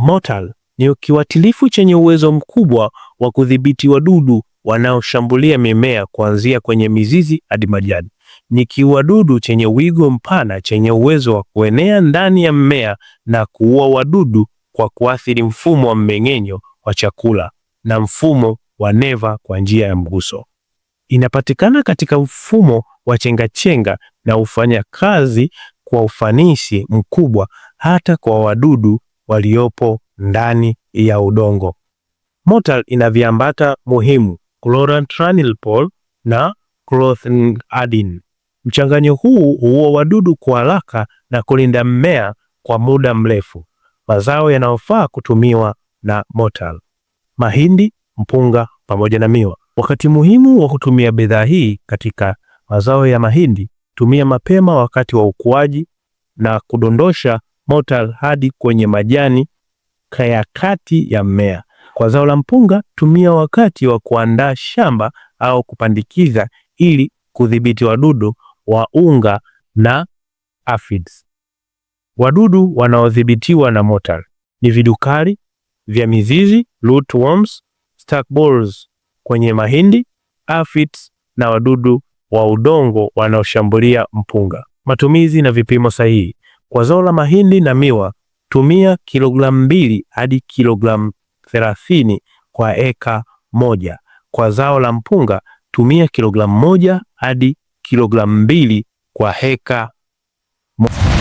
Motal ni kiuatilifu chenye uwezo mkubwa wa kudhibiti wadudu wanaoshambulia mimea kuanzia kwenye mizizi hadi majani. Ni kiuadudu chenye wigo mpana chenye uwezo wa kuenea ndani ya mmea na kuua wadudu kwa kuathiri mfumo wa mmeng'enyo wa chakula na mfumo wa neva kwa njia ya mguso. Inapatikana katika mfumo wa chengachenga na hufanya kazi kwa ufanisi mkubwa hata kwa wadudu waliopo ndani ya udongo. Mortar ina viambata muhimu chlorantraniliprol na clothianidin. Mchanganyo huu huua wadudu kwa haraka na kulinda mmea kwa muda mrefu. Mazao yanayofaa kutumiwa na Mortar: mahindi, mpunga pamoja na miwa. Wakati muhimu wa kutumia bidhaa hii katika mazao ya mahindi: tumia mapema wakati wa ukuaji na kudondosha mortar hadi kwenye majani ya kati ya mmea. Kwa zao la mpunga, tumia wakati wa kuandaa shamba au kupandikiza ili kudhibiti wadudu wa unga na aphids. Wadudu wanaodhibitiwa na mortar ni vidukari vya mizizi, worms, stalk borers kwenye mahindi, aphids na wadudu wa udongo wanaoshambulia mpunga. Matumizi na vipimo sahihi. Kwa zao la mahindi na miwa tumia kilogramu mbili hadi kilogramu thelathini kwa eka moja. Kwa zao la mpunga tumia kilogramu moja hadi kilogramu mbili kwa heka moja.